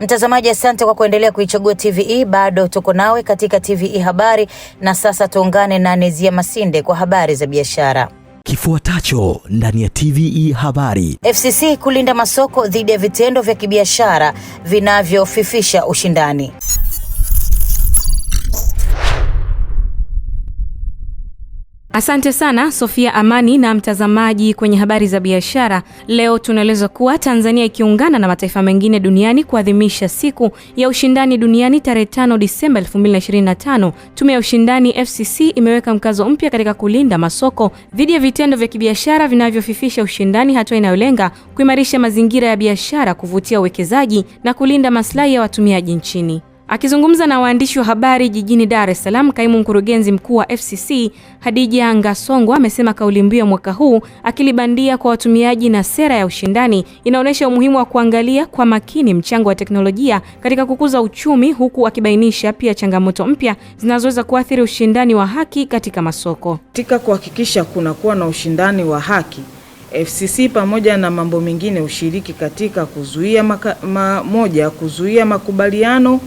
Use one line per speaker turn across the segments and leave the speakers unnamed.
Mtazamaji, asante kwa kuendelea kuichagua TVE. Bado tuko nawe katika TVE Habari, na sasa tuungane na Nezia Masinde kwa habari za biashara.
Kifuatacho ndani ya TVE Habari.
FCC kulinda masoko dhidi ya vitendo vya kibiashara vinavyofifisha ushindani.
Asante sana Sofia Amani na mtazamaji kwenye habari za biashara. Leo tunaelezwa kuwa Tanzania ikiungana na mataifa mengine duniani kuadhimisha siku ya ushindani duniani tarehe 5 Disemba 2025. Tume ya Ushindani FCC imeweka mkazo mpya katika kulinda masoko dhidi ya vitendo vya kibiashara vinavyofifisha ushindani, hatua inayolenga kuimarisha mazingira ya biashara, kuvutia uwekezaji na kulinda maslahi ya watumiaji nchini. Akizungumza na waandishi wa habari jijini Dar es Salaam, kaimu mkurugenzi mkuu wa FCC Hadija Ngasongo amesema kauli mbiu ya mwaka huu akilibandia kwa watumiaji na sera ya ushindani inaonyesha umuhimu wa kuangalia kwa makini mchango wa teknolojia katika kukuza uchumi, huku akibainisha pia changamoto mpya zinazoweza kuathiri ushindani wa haki katika masoko.
Katika kuhakikisha kunakuwa na ushindani wa haki, FCC pamoja na mambo mengine hushiriki katika kuzuia maka, ma, moja, kuzuia makubaliano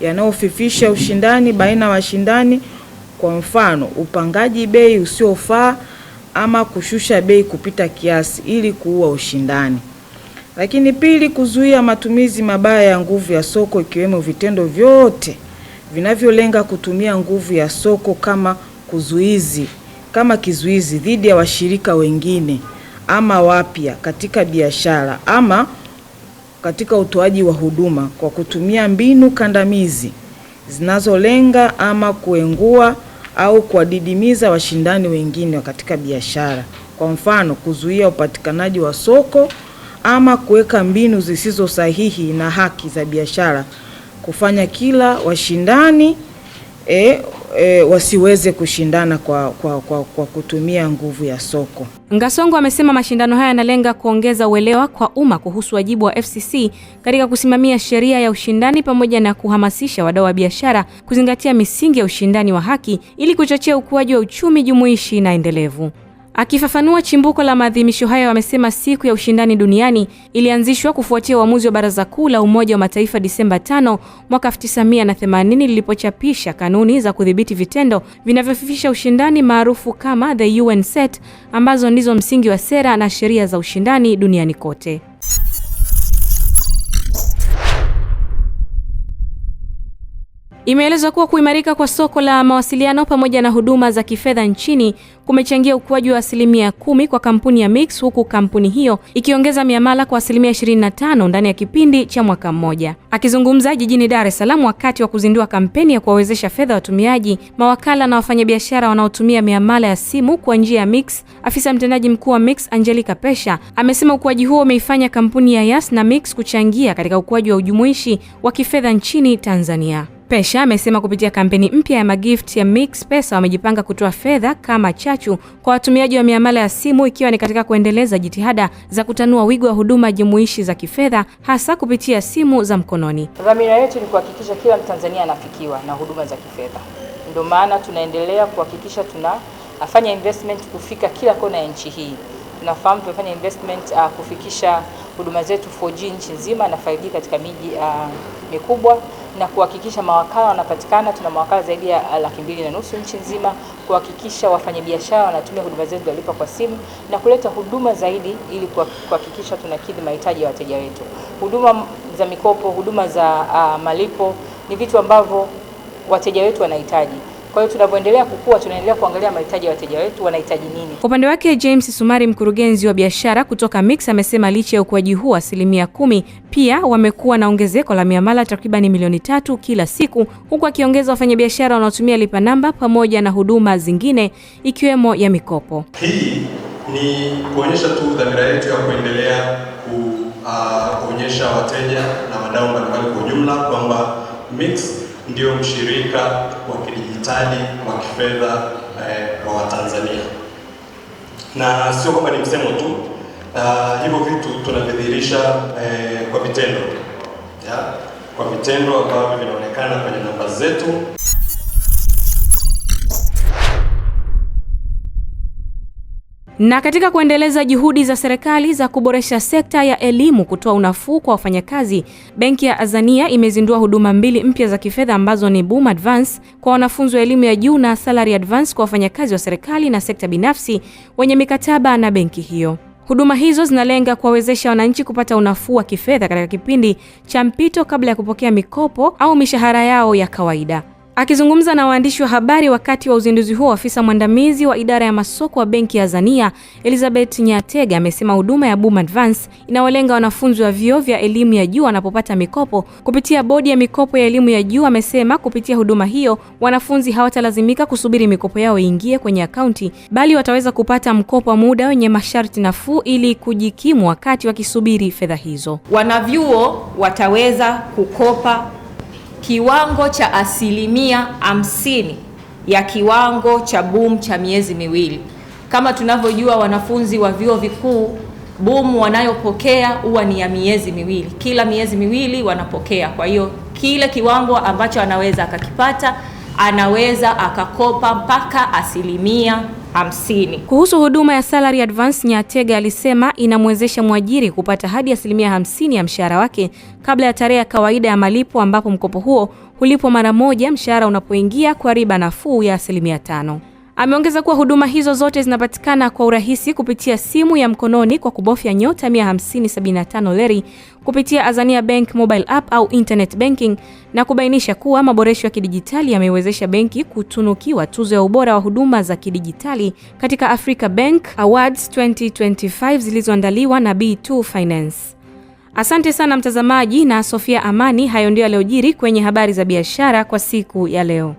yanayofifisha ushindani baina ya washindani, kwa mfano upangaji bei usiofaa ama kushusha bei kupita kiasi ili kuua ushindani. Lakini pili, kuzuia matumizi mabaya ya nguvu ya soko ikiwemo vitendo vyote vinavyolenga kutumia nguvu ya soko kama kuzuizi kama kizuizi dhidi ya washirika wengine ama wapya katika biashara ama katika utoaji wa huduma kwa kutumia mbinu kandamizi zinazolenga ama kuengua au kuwadidimiza washindani wengine katika biashara. Kwa mfano, kuzuia upatikanaji wa soko ama kuweka mbinu zisizo sahihi na haki za biashara, kufanya kila washindani eh, e, wasiweze kushindana kwa, kwa, kwa, kwa kutumia nguvu ya soko.
Ngasongo amesema mashindano haya yanalenga kuongeza uelewa kwa umma kuhusu wajibu wa FCC katika kusimamia sheria ya ushindani pamoja na kuhamasisha wadau wa biashara kuzingatia misingi ya ushindani wa haki ili kuchochea ukuaji wa uchumi jumuishi na endelevu. Akifafanua chimbuko la maadhimisho hayo, amesema siku ya ushindani duniani ilianzishwa kufuatia uamuzi wa Baraza Kuu la Umoja wa Mataifa Disemba 5 mwaka 1980 lilipochapisha kanuni za kudhibiti vitendo vinavyofifisha ushindani maarufu kama the UN Set ambazo ndizo msingi wa sera na sheria za ushindani duniani kote. Imeelezwa kuwa kuimarika kwa soko la mawasiliano pamoja na huduma za kifedha nchini kumechangia ukuaji wa asilimia kumi kwa kampuni ya Mix huku kampuni hiyo ikiongeza miamala kwa asilimia 25 ndani ya kipindi cha mwaka mmoja. Akizungumza jijini Dar es Salaam wakati wa kuzindua kampeni ya kuwawezesha fedha watumiaji, mawakala na wafanyabiashara wanaotumia miamala ya simu kwa njia ya Mix, afisa mtendaji mkuu wa Mix Angelica Pesha amesema ukuaji huo umeifanya kampuni ya Yas na Mix kuchangia katika ukuaji wa ujumuishi wa kifedha nchini Tanzania. Pesha amesema kupitia kampeni mpya ya magifti ya Mix Pesa wamejipanga kutoa fedha kama chachu kwa watumiaji wa miamala ya simu ikiwa ni katika kuendeleza jitihada za kutanua wigo wa huduma jumuishi za kifedha hasa kupitia simu za mkononi.
Dhamira yetu ni kuhakikisha kila Mtanzania anafikiwa na huduma za kifedha. Ndio maana tunaendelea kuhakikisha tunafanya investment kufika kila kona ya nchi hii. Tunafahamu tumefanya investment uh, kufikisha huduma zetu 4G nchi nzima na 5G katika miji uh, mikubwa na kuhakikisha mawakala wanapatikana. Tuna mawakala zaidi ya ah, laki mbili na nusu nchi nzima, kuhakikisha wafanyabiashara wanatumia huduma zetu za lipa kwa simu na kuleta huduma zaidi ili kuhakikisha tunakidhi mahitaji ya wateja wetu. Huduma za mikopo, huduma za uh, malipo ni vitu ambavyo wateja wetu wanahitaji. Kwa hiyo tunavyoendelea kukua, tunaendelea kuangalia mahitaji ya wateja wetu, wanahitaji nini.
Kwa upande wake, James Sumari, mkurugenzi wa biashara kutoka Mix, amesema licha ya ukuaji huu asilimia kumi, pia wamekuwa na ongezeko la miamala takribani milioni tatu kila siku, huku akiongeza wafanyabiashara wanaotumia lipa namba pamoja na huduma zingine ikiwemo ya mikopo.
Hii ni kuonyesha tu dhamira yetu ya kuendelea ah, kuonyesha uh, wateja na wadau mbalimbali kwa ujumla kwamba Mix ndio mshirika wa mtaji wa kifedha kwa eh, Watanzania na sio kwamba ni msemo tu. Uh, hivyo vitu tunavidhihirisha eh, kwa vitendo ya, kwa vitendo ambavyo vinaonekana kwenye namba zetu.
Na katika kuendeleza juhudi za serikali za kuboresha sekta ya elimu kutoa unafuu kwa wafanyakazi, Benki ya Azania imezindua huduma mbili mpya za kifedha ambazo ni Boom Advance kwa wanafunzi wa elimu ya juu na Salary Advance kwa wafanyakazi wa serikali na sekta binafsi wenye mikataba na benki hiyo. Huduma hizo zinalenga kuwawezesha wananchi kupata unafuu wa kifedha katika kipindi cha mpito kabla ya kupokea mikopo au mishahara yao ya kawaida. Akizungumza na waandishi wa habari wakati wa uzinduzi huo, afisa mwandamizi wa idara ya masoko wa Benki ya Azania Elizabeth Nyatega amesema huduma ya Boom Advance inawalenga wanafunzi wa vyuo vya elimu ya juu wanapopata mikopo kupitia bodi ya mikopo ya elimu ya juu. Amesema kupitia huduma hiyo wanafunzi hawatalazimika kusubiri mikopo yao iingie kwenye akaunti, bali wataweza kupata mkopo wa muda wenye masharti nafuu ili kujikimu wakati wakisubiri fedha hizo.
Wanavyuo wataweza kukopa kiwango cha asilimia hamsini ya kiwango cha boom cha miezi miwili. Kama tunavyojua wanafunzi wa vyuo vikuu boom wanayopokea huwa ni ya miezi miwili, kila miezi miwili wanapokea. Kwa hiyo kile kiwango ambacho anaweza akakipata anaweza akakopa mpaka asilimia hamsini.
Kuhusu huduma ya salary advance, Nyatega alisema inamwezesha mwajiri kupata hadi asilimia hamsini ya mshahara wake kabla ya tarehe ya kawaida ya malipo, ambapo mkopo huo hulipwa mara moja mshahara unapoingia kwa riba nafuu ya asilimia tano. Ameongeza kuwa huduma hizo zote zinapatikana kwa urahisi kupitia simu ya mkononi kwa kubofya nyota 15075 leri kupitia Azania Bank mobile app au internet banking na kubainisha kuwa maboresho ya kidijitali yameiwezesha benki kutunukiwa tuzo ya ubora wa huduma za kidijitali katika Africa Bank Awards 2025 zilizoandaliwa na B2 Finance. Asante sana mtazamaji na Sofia Amani, hayo ndio yaliyojiri kwenye habari za biashara kwa siku ya leo.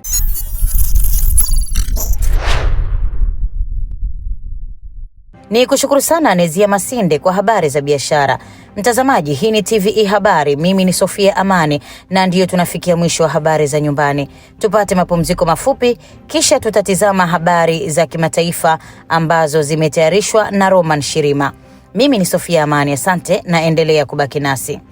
Ni kushukuru sana Nezia Masinde kwa habari za biashara. Mtazamaji, hii ni TVE Habari, mimi ni Sofia Amani, na ndiyo tunafikia mwisho wa habari za nyumbani. Tupate mapumziko mafupi, kisha tutatizama habari za kimataifa ambazo zimetayarishwa na Roman Shirima. Mimi ni Sofia Amani, asante na endelea kubaki nasi.